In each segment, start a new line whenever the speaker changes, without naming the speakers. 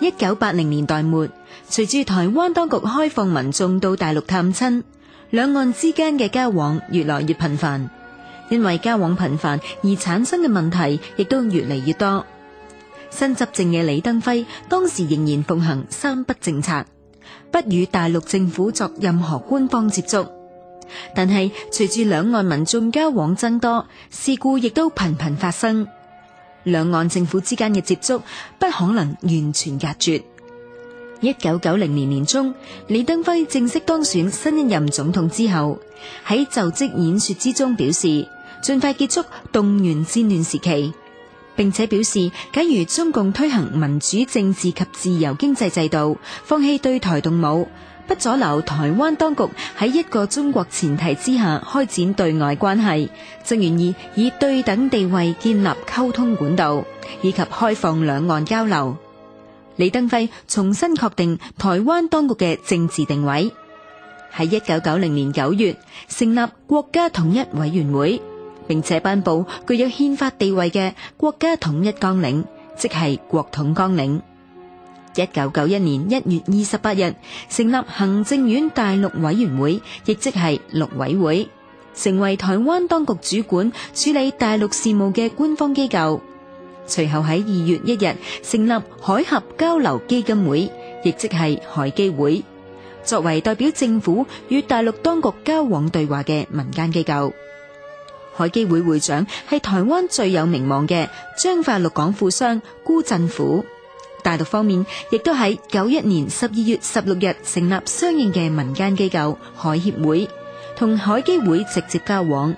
一九八零年代末，隨住台灣當局開放民眾到大陸探親，兩岸之間嘅交往越來越頻繁。因為交往頻繁而產生嘅問題，亦都越嚟越多。新執政嘅李登輝當時仍然奉行三不政策，不與大陸政府作任何官方接觸。但係隨住兩岸民眾交往增多，事故亦都頻頻發生。兩岸政府之間嘅接觸不可能完全隔絕。一九九零年年中，李登輝正式當選新一任總統之後，喺就職演說之中表示，盡快結束動員戡亂時期，並且表示假如中共推行民主政治及自由經濟制度，放棄對台動武。不阻撓台灣當局喺一個中國前提之下開展對外關係，正願意以對等地位建立溝通管道以及開放兩岸交流。李登輝重新確定台灣當局嘅政治定位，喺一九九零年九月成立國家統一委員會，並且頒布具有憲法地位嘅國家統一綱領，即係國統綱領。一九九一年一月二十八日，成立行政院大陸委員會，亦即係陸委會，成為台灣當局主管處理大陸事務嘅官方機構。隨後喺二月一日，成立海峽交流基金會，亦即係海基會，作為代表政府與大陸當局交往對話嘅民間機構。海基會會長係台灣最有名望嘅彰化鹿港富商辜振甫。大陸方面亦都喺九一年十二月十六日成立相應嘅民間機構海協會，同海基會直接交往。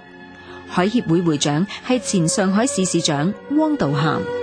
海協會會長係前上海市市長汪道涵。